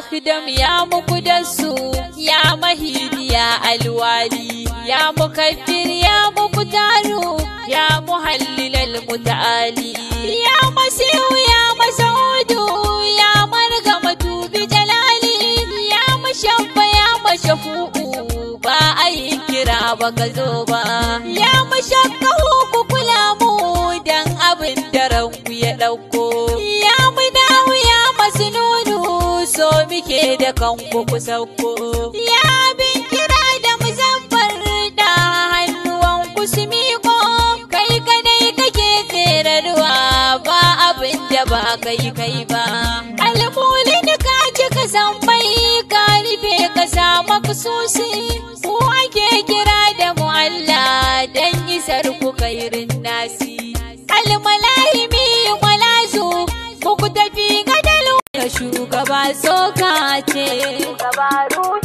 mikdam ya gudansu ya mahidi ya alwali ya mukabbir ya muktaru ya muhallil almutaali ya masihu ya masaudu ya margamatu bi jalali ya mashabba ya mashafu'u ba a yi kira ba ka zo ba ya mashakkahu ku kula mu dan abin da ranku ya ɗauko ya ke da kanku ku sauko. Ya bin kira da muzaffar da hannuwan ku su miko, kai kadai kake ferarwa ba abin da ba kai kai ba. Alkulin ka cika zambai, san ka rufe ka samu kususi, ku ake kira da mu Allah don isar ku kai shugaba soka ce. Dabaru